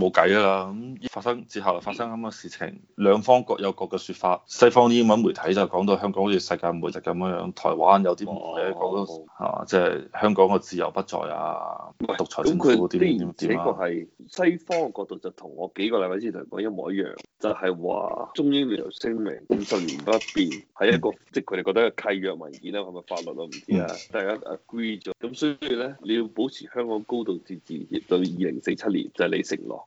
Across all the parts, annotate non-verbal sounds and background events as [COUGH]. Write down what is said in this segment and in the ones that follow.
冇計啦！咁發生之後發生咁嘅事情，兩方各有各嘅説法。西方英文媒體就講到香港好似世界末日咁樣樣，台灣有啲唔理講都嚇，即、啊、係、就是、香港個自由不在啊，喂獨裁政府點點佢呢個係西方嘅角度，就同我幾個禮拜之前同你講一模一樣，就係、是、話中英聯合聲明五十年不變，係一個、嗯、即係佢哋覺得嘅契約文件啦。係咪法律都唔知啊。大家 agree 咗，咁所以咧你要保持香港高度自治，到二零四七年就係你承諾。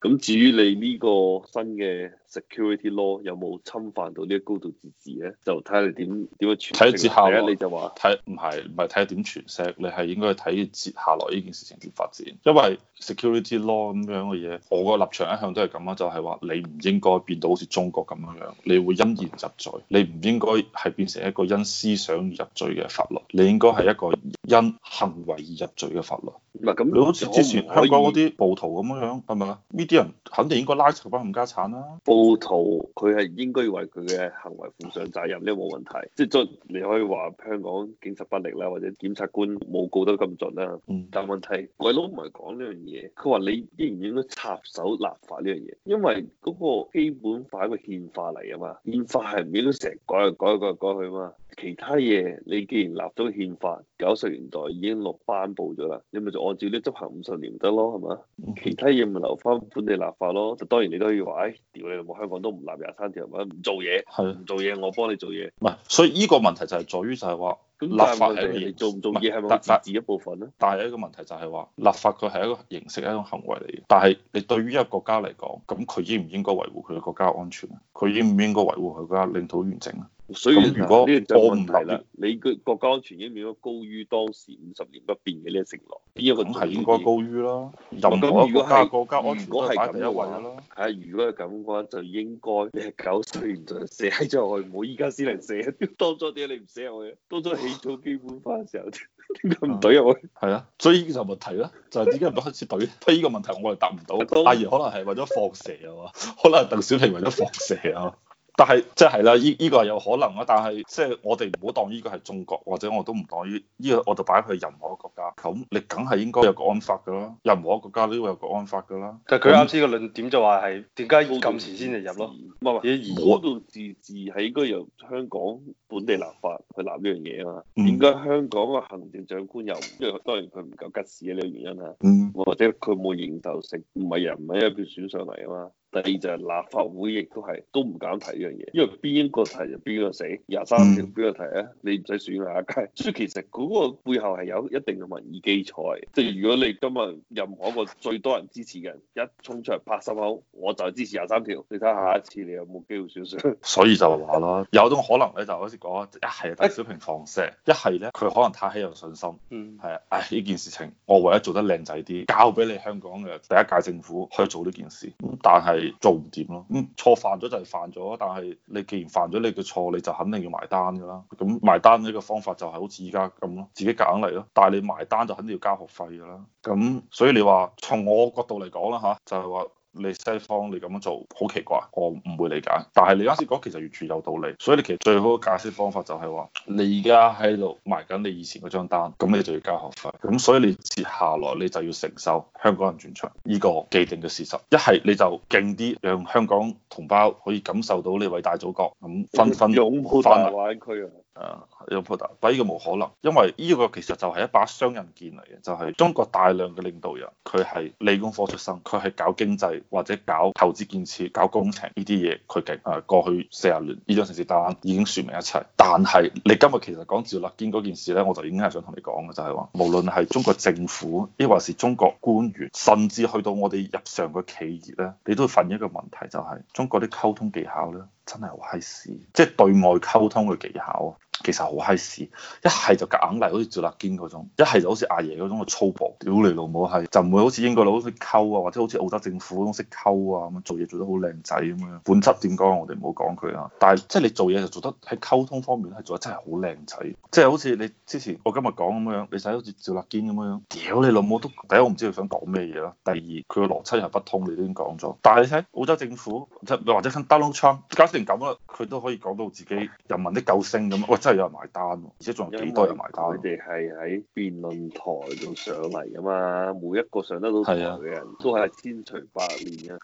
咁至於你呢個新嘅 security law 有冇侵犯到呢個高度自治咧？就睇下你點點樣詮釋。睇之後呢，你就話睇唔係，唔係睇下點詮釋，你係應該睇接下來呢件事情點發展。因為 security law 咁樣嘅嘢，我個立場一向都係咁啦，就係話你唔應該變到好似中國咁樣樣，你會因言入罪，你唔應該係變成一個因思想而入罪嘅法律，你應該係一個因行為而入罪嘅法律。嗱咁，你好似之前香港嗰啲暴徒咁樣樣係咪啊？是啲人肯定應該拉佢翻冚家產啦、啊。暴徒佢係應該要為佢嘅行為負上責任，呢冇問題。即係盡你可以話香港警察不力啦，或者檢察官冇告得咁盡啦。嗯、但係問題，鬼佬唔係講呢樣嘢。佢話你應唔應該插手立法呢樣嘢，因為嗰個基本法係個憲法嚟啊嘛，憲法係唔應該成日改日改日改日改去啊嘛。其他嘢你既然立咗憲法，九十年代已經落頒布咗啦，你咪就按照呢執行五十年得咯，係嘛？嗯、其他嘢咪留翻本地立法咯。就當然你都可以話，屌你老母，我香港都唔立廿三條，唔做嘢，係唔的做嘢，我幫你做嘢。唔係，所以依個問題就係、是、在於就係話，立法係的做唔做嘢係冇法治一部分啦。但係有一個問題就係、是、話，立法佢係一個形式係一種行為嚟嘅。但係你對於一個國家嚟講，咁佢應唔應該維護佢嘅國家安全？佢應唔應該維護佢國家領土完整啊？所以如果呢個問題啦，你個國家安全已經變應該高於當時五十年不變嘅呢個承諾，呢一個國家國家一？咁係應該高於啦。咁如果係國家，如果係咁嘅話，係如果係咁嘅話，就應該你九歲唔準射喺咗去，冇依家先嚟射多咗啲啊！你唔射入去，多咗起咗基本法嘅時候，點解唔懟啊？我係 [LAUGHS] 啊，所以就問題啦，就係點解唔開始懟？呢 [LAUGHS] 個問題我係答唔到。阿爺可能係為咗放蛇啊，可能鄧小平為咗放蛇啊。但係即係啦，依、就、依、是這個係有可能啊！但係即係我哋唔好當呢個係中國，或者我都唔當依依、這個，我就擺佢任何一個國家。咁你梗係應該有國安法噶啦，任何一個國家都有國安法噶啦。但係佢啱先個論點就話係點解要咁遲先至入咯？唔係，而我都自治係應該由香港本地立法去立呢樣嘢啊嘛。嗯、應該香港嘅行政長官又，因為當然佢唔夠吉士嘅呢個原因啊，嗯、或者佢冇認受性，唔係人人民一票選上嚟啊嘛。第二就係立法會亦都係都唔敢提呢樣嘢，因為邊一個提就邊個死，廿三條邊個提啊？嗯、你唔使選下街，所以其實嗰個背後係有一定嘅民意基礎。即、就、係、是、如果你今日任何一個最多人支持嘅人一衝出嚟拍心口，我就支持廿三條。你睇下下一次你有冇機會選上？所以就話啦，有種可能咧，就好似講一係鄧小平放蛇，一係咧佢可能太有信心，係啊、嗯，唉呢件事情我為咗做得靚仔啲，交俾你香港嘅第一屆政府去做呢件事，但係。做唔掂咯，咁、嗯、錯犯咗就係犯咗，但係你既然犯咗你嘅錯，你就肯定要埋單噶啦。咁、嗯、埋單呢個方法就係好似依家咁咯，自己揀嚟咯。但係你埋單就肯定要交學費噶啦。咁、嗯、所以你話從我角度嚟講啦吓就係、是、話。你西方你咁樣做好奇怪，我唔會理解。但係你啱先講其實完全有道理，所以你其實最好嘅解釋方法就係話，你而家喺度埋緊你以前嗰張單，咁你就要交學費，咁所以你接下來你就要承受香港人轉場呢個既定嘅事實。一係你就勁啲，讓香港同胞可以感受到你偉大祖國咁紛紛擁抱大灣區啊！誒，有報道，但係呢個冇可能，因為呢個其實就係一把雙刃劍嚟嘅，就係、是、中國大量嘅領導人，佢係理工科出身，佢係搞經濟或者搞投資建設、搞工程呢啲嘢，佢勁。誒、嗯，過去四十年呢張成績單已經說明一切。但係你今日其實講趙立堅嗰件事呢，我就已經係想同你講嘅，就係、是、話，無論係中國政府，亦或是中國官員，甚至去到我哋日常嘅企業呢，你都會發現一個問題、就是，就係中國啲溝通技巧呢，真係壞事，即、就、係、是、對外溝通嘅技巧。其實好閪事，一係就夾硬嚟，好似趙立堅嗰種；一係就好似阿爺嗰種嘅粗暴。屌你老母，係就唔會好似英國佬好識溝啊，或者好似澳洲政府嗰種識溝啊咁樣做嘢做得好靚仔咁樣。本質點講，我哋唔好講佢啊。但係即係你做嘢就做得喺溝通方面係做得真係、就是、好靚仔，即係好似你之前我今日講咁樣，你睇好似趙立堅咁樣。屌你老母，都第一我唔知佢想講咩嘢啦，第二佢個邏輯又不通，你都已經講咗。但係你睇澳洲政府即或者睇 Donald Trump 咁啦，佢都可以講到自己人民的救星咁，喂！真係有人埋單喎，而且仲有幾多人埋單？佢哋係喺辯論台度上嚟啊嘛，每一個上得到台嘅人都係千錘百煉啊！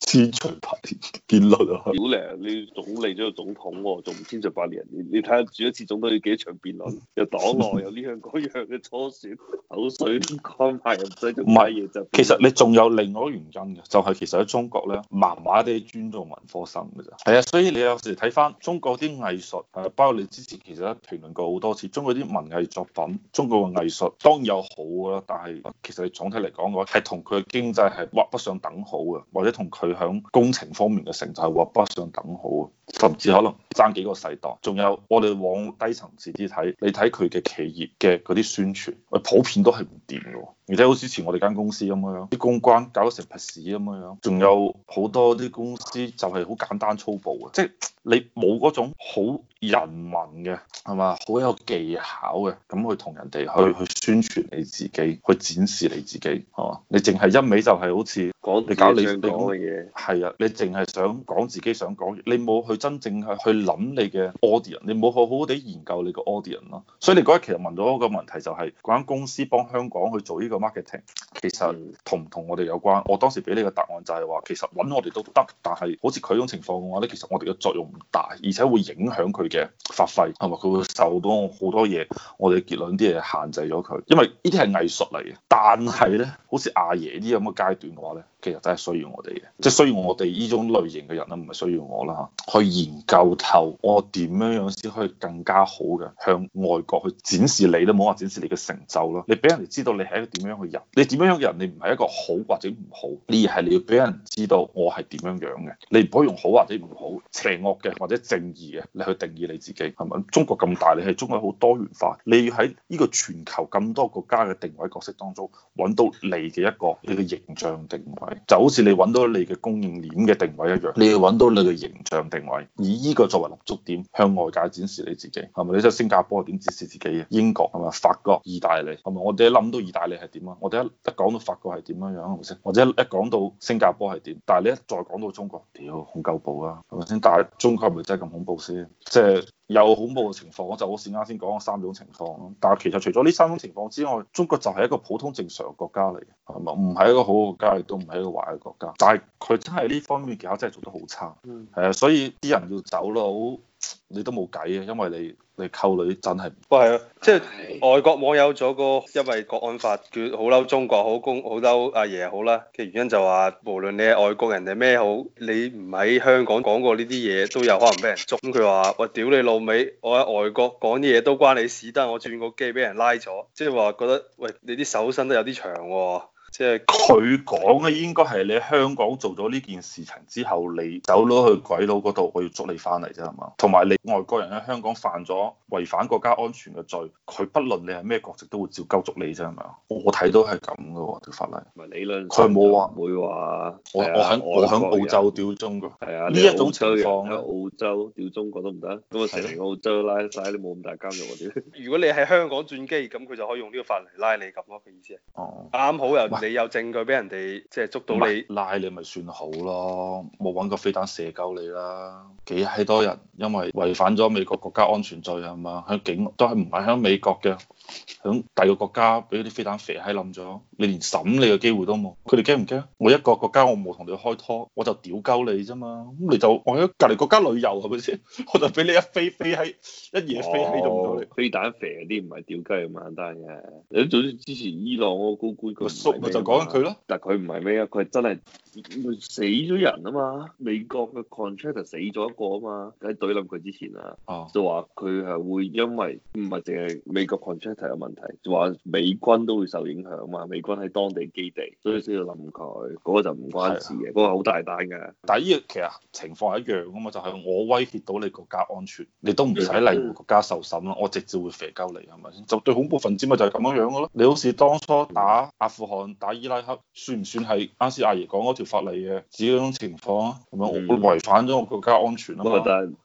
千錘百煉辯論啊！小你總理做總統喎，仲唔千錘百煉？你睇下，做一次總統要幾多場辯論？又黨內有呢樣嗰樣嘅初選口水乾埋，唔使做。唔係嘅就，其實你仲有另外一個原因嘅，就係其實喺中國咧，麻麻地尊重文科生㗎啫。係啊，所以你有時睇返中國啲藝術，係包括你之前。其實評論過好多次，中國啲文藝作品、中國嘅藝術當然有好嘅啦，但係其實你總體嚟講嘅話，係同佢嘅經濟係畫不上等號嘅，或者同佢響工程方面嘅成就係畫不上等號嘅，甚至可能爭幾個世代。仲有我哋往低層次啲睇，你睇佢嘅企業嘅嗰啲宣傳，普遍都係唔掂嘅。而且好似前我哋間公司咁樣，啲公關搞到成 push 屎咁樣，仲有好多啲公司就係好簡單粗暴嘅，即係你冇嗰種好人文嘅，係嘛？好有技巧嘅咁去同人哋去去宣傳你自己，去展示你自己，係嘛？你淨係一味就係好似。你搞你你講嘅嘢係啊！你淨係想講自己想講嘢，你冇去真正去去諗你嘅 audience，你冇好好地研究你個 audience 咯。所以你嗰日其實問咗一個問題就係：嗰間公司幫香港去做呢個 marketing，其實同唔同我哋有關？我當時俾你嘅答案就係話，其實揾我哋都得，但係好似佢嗰種情況嘅話咧，其實我哋嘅作用唔大，而且會影響佢嘅發揮，同埋佢會受到好多嘢，我哋嘅結論啲嘢限制咗佢。因為呢啲係藝術嚟嘅，但係咧，好似阿爺呢咁嘅階段嘅話咧。其實真係需要我哋嘅，即係需要我哋呢種類型嘅人啦，唔係需要我啦，去研究透我點樣樣先可以更加好嘅向外國去展示你，都冇話展示你嘅成就咯，你俾人哋知道你係一個點樣嘅人，你點樣樣嘅人，你唔係一個好或者唔好，而係你要俾人知道我係點樣樣嘅，你唔可以用好或者唔好、邪惡嘅或者正義嘅，你去定義你自己係咪？中國咁大，你係中國好多元化，你要喺呢個全球咁多國家嘅定位角色當中，揾到你嘅一個你嘅形象定位。就好似你揾到你嘅供應鏈嘅定位一樣，你要揾到你嘅形象定位，以呢個作為立足點，向外界展示你自己，係咪？你即係新加坡點展示自己嘅？英國係咪？法國、意大利係咪？我哋一諗到意大利係點啊？我哋一一講到法國係點樣樣，係咪先？或者一講到新加坡係點？但係你一再講到中國，屌，好夠怖啦，啊，係咪先？但係中國係咪真係咁恐怖先？即係。有恐怖嘅情況，我就好似啱先講嘅三種情況。但係其實除咗呢三種情況之外，中國就係一個普通正常嘅國家嚟，係咪？唔係一個好嘅國家，亦都唔係一個壞嘅國家。但係佢真係呢方面嘅嘢真係做得好差，係啊，所以啲人要走佬。你都冇計啊，因為你你溝女真係，不過係即係外國網友咗個，因為國安法佢好嬲中國，好公好嬲阿爺好啦嘅原因就話，無論你係外國人定咩好，你唔喺香港講過呢啲嘢都有可能俾人捉。佢話：我屌你老味，我喺外國講啲嘢都關你事？得我轉個機俾人拉咗，即係話覺得喂你啲手伸得有啲長喎、哦。即係佢講嘅應該係你香港做咗呢件事情之後，你走咗去鬼佬嗰度，我要捉你翻嚟啫，係嘛？同埋你外國人喺香港犯咗違反國家安全嘅罪，佢不論你係咩國籍都會照鳩捉你啫，係嘛？我睇到係咁嘅條法例，理論上，佢冇話會話我我喺我喺澳洲屌中國，係啊，呢一種情況喺澳洲屌中國都唔得，咁啊成個澳洲拉晒，你冇咁大監獄嗰啲。如果你喺香港轉機，咁佢就可以用呢個法例拉你咁咯嘅意思係，啱好又。你有證據俾人哋，即係捉到你拉你咪算好咯，冇揾個飛彈射鳩你啦。幾閪多人因為違反咗美國國家安全罪係嘛？喺警都係唔係喺美國嘅，喺第二個國家俾啲飛彈射咗冧咗，你連審你嘅機會都冇。佢哋驚唔驚？我一個，個國家我冇同你開拖，我就屌鳩你啫嘛。咁你就我喺隔離國家旅遊係咪先？我就俾你一飛飛喺一夜飛喺度。你、哦、飛彈射啲唔係屌雞咁簡單嘅。你早之前支持伊朗嗰個高官。就講緊佢咯，但係佢唔係咩啊？佢係真係死咗人啊嘛！美國嘅 contractor 死咗一個啊嘛，喺懟冧佢之前啊，哦、就話佢係會因為唔係淨係美國 contractor 嘅問題，話美軍都會受影響嘛、啊。美軍喺當地基地，所以先要懟佢。嗰個就唔關事嘅，嗰個好大單嘅。但係呢個其實情況係一樣啊嘛，就係我威脅到你國家安全，你都唔使嚟國家受審咯，我直接會飛鳩你係咪先？就對恐怖分子咪就係咁樣樣咯。你好似當初打阿富汗打伊拉克算唔算係啱先阿爺講嗰條法例嘅？只嗰種情況啊，咁樣的我違反咗我國家安全啊嘛。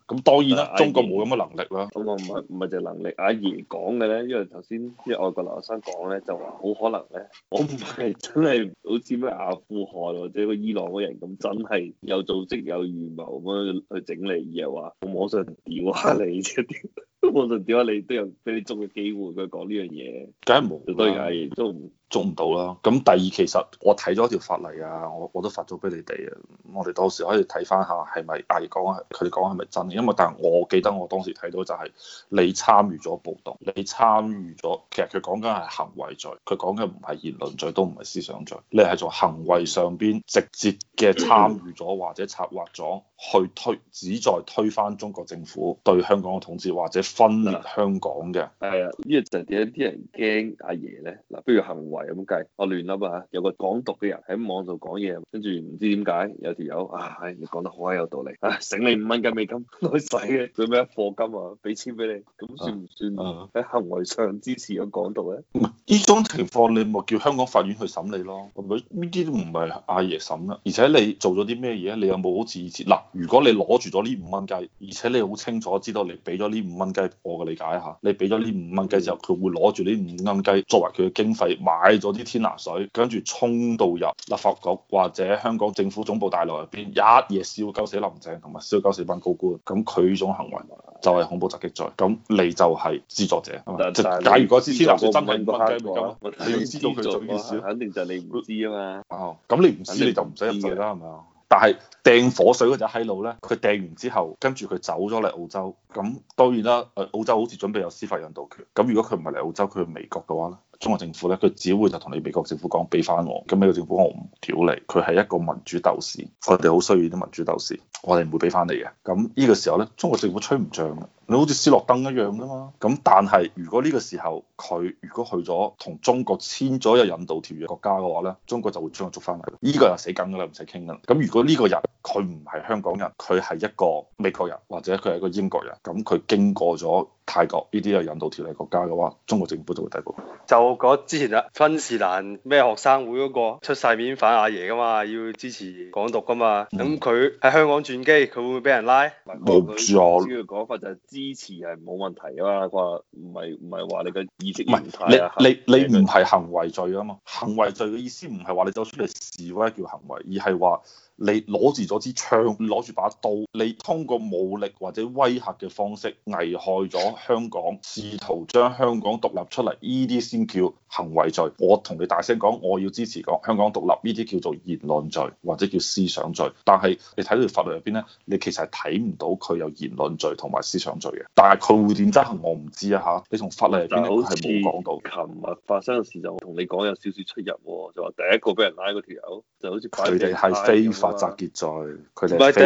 咁是當然啦，中國冇咁嘅能力啦。咁啊唔係唔係就能力。阿爺講嘅咧，因為頭先啲外國留學生講咧，就話好可能咧，我唔係真係好似咩阿富汗或者個伊朗嗰人咁真係有組織有預謀咁樣去整嚟，而係話我網上屌下你啫。 [LAUGHS] 我網上屌下你都有俾你捉嘅機會，佢講呢樣嘢，梗係冇。當然阿爺都唔。捉唔到啦，咁第二其實我睇咗條法例啊，我我都發咗俾你哋啊，我哋到時可以睇翻下係咪阿爺講，佢哋講係咪真嘅，因為但係我記得我當時睇到就係、是、你參與咗暴動，你參與咗，其實佢講緊係行為罪，佢講緊唔係言論罪，都唔係思想罪，你係從行為上邊直接嘅參與咗或者策劃咗去推，旨在推翻中國政府對香港嘅統治或者分裂香港嘅。係呢個就係點解啲人驚阿爺咧？嗱、啊，不如行為。有咁計，我亂諗啊！有個港獨嘅人喺網度講嘢，跟住唔知點解有條友啊，你講得好有道理，醒、哎、你五蚊雞美金都使嘅，做咩課金啊？俾錢俾你，咁算唔算喺行為上支持咗港獨咧？呢、啊啊啊、種情況你咪叫香港法院去審你咯，佢呢啲都唔係阿爺審啦。而且你做咗啲咩嘢？你有冇好自知？嗱、啊，如果你攞住咗呢五蚊雞，而且你好清楚知道你俾咗呢五蚊雞，我嘅理解吓，你俾咗呢五蚊雞之後，佢會攞住呢五蚊雞作為佢嘅經費買。廢咗啲天拿水，跟住衝到入立法局或者香港政府總部大樓入邊，一夜燒九死林鄭，同埋燒九死班高官。咁佢種行為就係恐怖襲擊罪，咁你就係資助者。但就假如嗰支天拿水真係咁，你，你要知道佢做啲事，肯定就係你唔知啊嘛。哦，咁你唔知、嗯、你，你就唔使入罪啦，係咪啊？但係掟火水嗰隻閪佬咧，佢掟完之後，跟住佢走咗嚟澳洲。咁當然啦，澳洲好似準備有司法引渡權。咁如果佢唔係嚟澳洲，佢去美國嘅話咧？中國政府呢，佢只會就同你美國政府講，俾翻我。咁美國政府講：「我唔條你。」佢係一個民主鬥士，我哋好需要啲民主鬥士，我哋唔會俾翻你嘅。咁呢個時候呢，中國政府吹唔漲。你好似斯諾登一樣啫嘛，咁但係如果呢個時候佢如果去咗同中國簽咗有引渡條約國家嘅話咧，中國就會將佢捉翻嚟，呢、這個又死梗噶啦，唔使傾噶啦。咁如果呢個人佢唔係香港人，佢係一個美國人或者佢係一個英國人，咁佢經過咗泰國呢啲有引渡條例國家嘅話，中國政府就會逮捕。就嗰之前啊芬士蘭咩學生會嗰、那個出曬面，面反阿爺噶嘛，要支持港獨噶嘛，咁佢喺香港轉機，佢會唔會俾人拉？冇咗、嗯，主要講法就支持係冇問題啊嘛，佢話唔係唔係話你嘅意識問題，啊，你你你唔係行為罪啊嘛，行為罪嘅意思唔係話你走出嚟示威叫行為，而係話。你攞住咗支槍，攞住把刀，你通過武力或者威嚇嘅方式危害咗香港，試圖將香港獨立出嚟，呢啲先叫行為罪。我同你大聲講，我要支持講香港獨立，呢啲叫做言論罪或者叫思想罪。但係你睇到條法律入邊咧，你其實係睇唔到佢有言論罪同埋思想罪嘅。但係佢會點執行，我唔知啊嚇。你從法例入邊咧，係冇講到。琴日發生嘅事就同你講有少少出入，就話第一個俾人拉嗰條友，就好似佢哋係非法集結罪，佢哋唔係第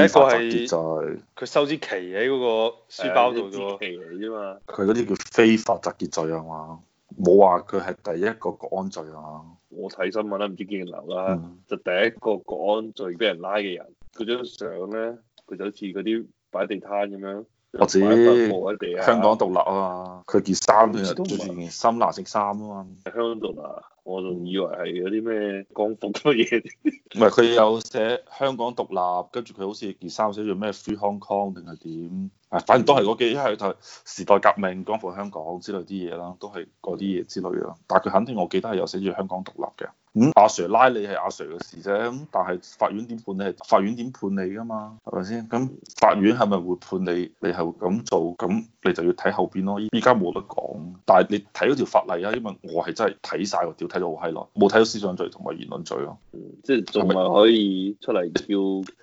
一個係佢收支旗喺嗰個書包度啫喎，哎、旗嚟啫嘛。佢嗰啲叫非法集結罪啊嘛，冇話佢係第一個國安罪啊。我睇新聞啦、啊，唔知幾年流啦，嗯、就第一個國安罪俾人拉嘅人，佢張相咧，佢就好似嗰啲擺地攤咁樣。我或者香港獨立啊，佢件衫佢又著住件深藍色衫啊嘛。香港獨立，我仲以為係嗰啲咩光復嘅嘢。唔係、嗯，佢有寫香港獨立，跟住佢好似件衫寫住咩 Free Hong Kong 定係點？啊，反正都係嗰幾，一係就時代革命、光復香港之類啲嘢啦，都係嗰啲嘢之類嘅。但係佢肯定，我記得係有寫住香港獨立嘅。咁、嗯、阿 Sir 拉你係阿 Sir 嘅事啫，咁但係法院點判你係法院點判你噶嘛，係咪先？咁法院係咪會判你？你係會咁做？咁你就要睇後邊咯。依家冇得講，但係你睇嗰條法例啊，因為我係真係睇晒喎，屌睇到好閪耐，冇睇到思想罪同埋言論罪咯、嗯。即係仲係可以出嚟叫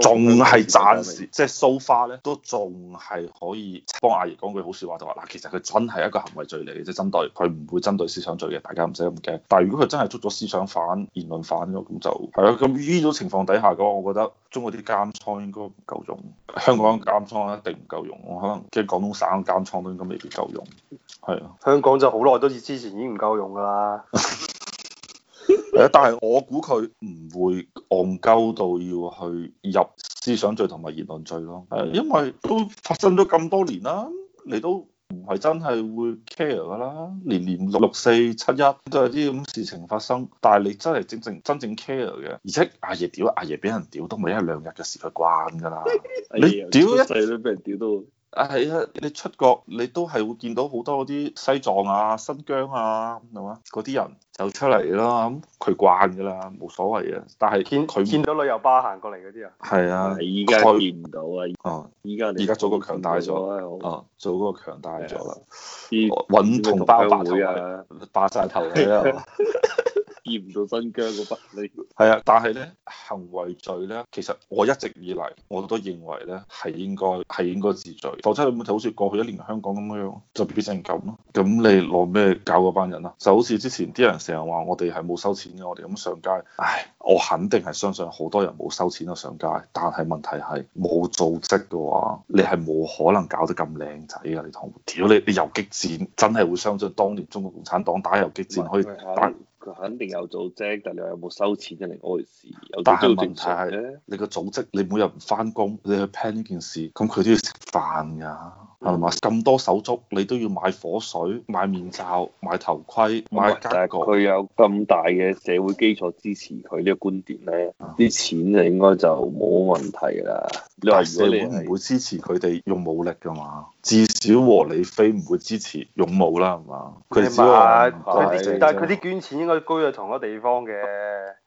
仲係暫時即係 so far 咧，都仲係可以幫阿爺講句好説話，就話嗱，其實佢真係一個行為罪嚟，嘅。即係針對佢唔會針對思想罪嘅，大家唔使咁驚。但係如果佢真係捉咗思想，想反言論反咗咁就係咯。咁呢種情況底下嗰個，我覺得中國啲監倉應該唔夠用，香港嘅監倉一定唔夠用，我可能即係廣東省監倉都應該未必夠用。係啊，香港就好耐都似之前已經唔夠用噶啦。誒、 [LAUGHS] 啊，但係我估佢唔會戇鳩到要去入思想罪同埋言論罪咯。係、啊，因為都發生咗咁多年啦、啊，你都。唔係真係會 care 噶啦，年年六六四七一都有啲咁事情發生，但係你真係真正真正 care 嘅，而且阿爺屌阿爺俾人屌都唔係一兩日嘅事，佢慣㗎啦。 [LAUGHS] 你屌一世都俾人屌到。 [LAUGHS] 啊係啊，你出國你都係會見到好多嗰啲西藏啊、新疆啊，係嘛？嗰啲人就出嚟啦，咁佢慣㗎喇，冇所謂啊。但係見佢見到旅遊巴行過嚟嗰啲啊，係啊，依家見唔到啊。哦，依家依家做嗰個強大咗啊！哦，做嗰個強大咗啦。揾同胞白頭，霸晒頭啊。 [LAUGHS] [LAUGHS] 治唔到新疆嗰筆，係啊，但係咧，行為罪咧，其實我一直以嚟我都認為咧係應該係應該治罪。當真你冇睇好似過去一年香港咁樣，就變成咁咯。咁你攞咩搞嗰班人啊？就好似之前啲人成日話我哋係冇收錢嘅，我哋咁上街。唉，我肯定係相信好多人冇收錢咯，上街。但係問題係冇組織嘅話，你係冇可能搞得咁靚仔噶。你同屌你你遊擊戰，真係會相信當年中國共產黨打遊擊戰可以打？佢肯定有組織，但你話有冇收錢嘅另一回事。但係問題係，你個組織你每日唔翻工，你去 plan 呢件事，咁佢都要食飯㗎。係嘛？咁、嗯、多手足，你都要買火水、買面罩、買頭盔。唔第一個佢有咁大嘅社會基礎支持佢呢個觀點咧，啲、嗯、錢就應該就冇問題啦。但係如果你唔會支持佢哋用武力㗎嘛？至少和理非唔會支持勇武啦，係嘛、嗯？佢唔係，的但係佢啲捐錢應該居喺同一個地方嘅。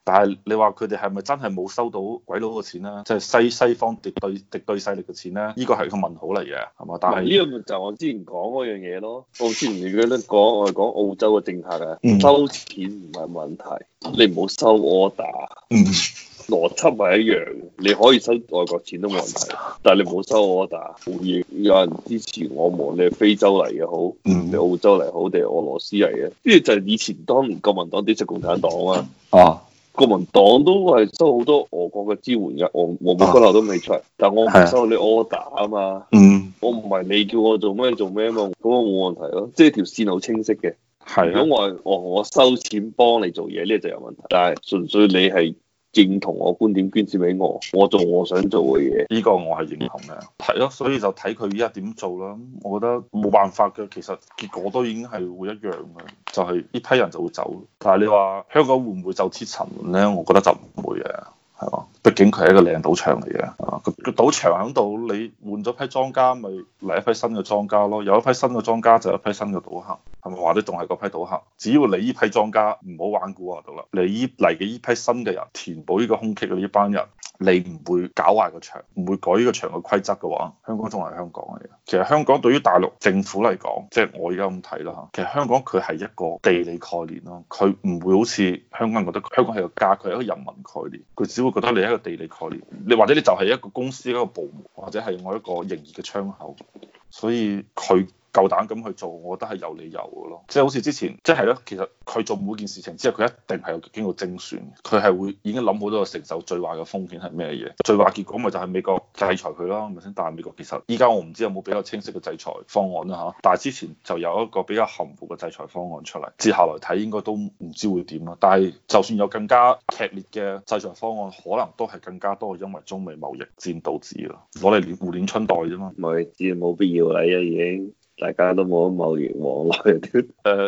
但係你話佢哋係咪真係冇收到鬼佬個錢咧？即係西西方敵對敵對勢力嘅錢咧？呢個係個問號嚟嘅，係嘛？但係呢個就我之前講嗰樣嘢咯。我之前記得講，我係講澳洲嘅政策啊，收錢唔係問題，你唔好收 order。嗯，邏輯係一樣，你可以收外國錢都冇問題，但係你唔好收 order。亦有人支持我，無論你係非洲嚟嘅好，嗯、你澳洲嚟好，定係俄羅斯嚟嘅，呢啲就係以前當年國民黨支持共產黨啊。哦、啊。國民黨都係收好多俄國嘅支援嘅，俄俄國軍艦都未出、啊、但我唔收你 order 啊嘛，嗯、我唔係你叫我做咩做咩啊嘛，咁我冇問題咯，即、就、係、係、條線好清晰嘅。係、啊，如果我我,我收錢幫你做嘢，呢就有問題。但係純粹你係。認同我觀點，捐錢俾我，我做我想做嘅嘢，呢個我係認同嘅。係咯，所以就睇佢依家點做啦。我覺得冇辦法嘅，其實結果都已經係會一樣嘅，就係呢批人就會走。但係你話香港會唔會就此沉沒呢？我覺得就唔會嘅，係嘛？畢竟佢係一個靚賭場嚟嘅啊，個賭場喺度，你換咗批莊家，咪嚟一批新嘅莊家咯。有一批新嘅莊家，就有一批新嘅賭客。話都仲係嗰批賭客，只要你呢批莊家唔好玩蠱惑，到啦！你依嚟嘅呢批新嘅人，填補呢個空隙嘅呢班人，你唔會搞壞個場，唔會改呢個場嘅規則嘅話，香港仲係香港嚟嘅。其實香港對於大陸政府嚟講，即係我而家咁睇啦嚇。其實香港佢係一個地理概念咯，佢唔會好似香港人覺得香港係個家，佢係一個人民概念，佢只會覺得你係一個地理概念，你或者你就係一個公司一個部門，或者係我一個營業嘅窗口，所以佢，夠膽咁去做，我覺得係有理由嘅咯。即係好似之前，即係呢，其實佢做每件事情之後，佢一定係有經過精算。佢係會已經諗好多個承受最壞嘅風險係咩嘢？最壞結果咪就係美國制裁佢咯，咪先？但係美國其實依家我唔知有冇比較清晰嘅制裁方案啦嚇。但係之前就有一個比較含糊嘅制裁方案出嚟，接下來睇應該都唔知會點啦。但係就算有更加劇烈嘅制裁方案，可能都係更加多係因為中美貿易戰導致咯，攞嚟互聯春袋啫嘛。唔係，冇必要啦、啊，已經。大家都冇咁貿然往來啲誒。